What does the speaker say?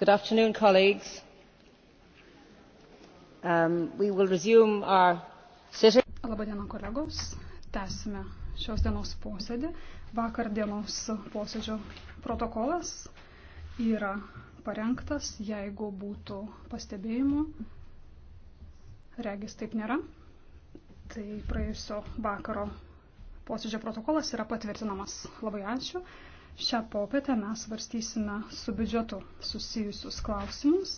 good afternoon colleagues um, we will resume our sitting laba diena kolegos tęsime šios dienos posėdį vakar dienos posėdžio protokolas yra parengtas jeigu būtų pastebėjimų regis taip nėra tai praėjusio vakaro posėdžio protokolas yra patvirtinamas labai ačiū Šią popietę mes varstysime su biudžetu susijusius klausimus.